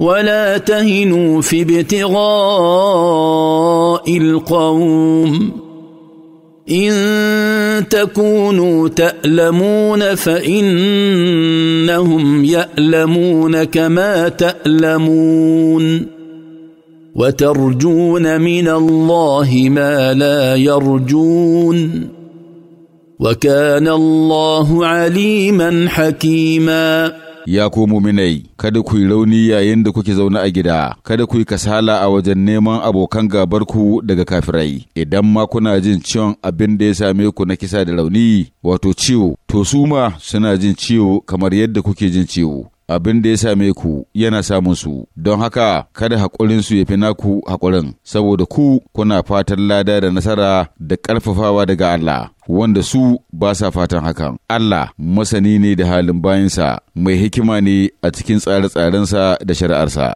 ولا تهنوا في ابتغاء القوم ان تكونوا تالمون فانهم يالمون كما تالمون وترجون من الله ما لا يرجون وكان الله عليما حكيما Ya komo muminai, kada ku yi rauni yayin da kuke zaune a gida, kada ku yi kasala a wajen neman abokan gabar ku daga kafirai. Idan ma kuna jin ciwon abin da ya same ku na kisa da rauni, wato ciwo, to su ma suna jin ciwo kamar yadda kuke jin ciwo. abin da ya same ku yana samun su don haka kada haƙurin su ya fi naku haƙurin saboda ku kuna fatan lada da nasara da ƙarfafawa daga Allah wanda su ba sa fatan hakan Allah masani ne da halin bayansa mai hikima ne a cikin tsare-tsarensa da shari'arsa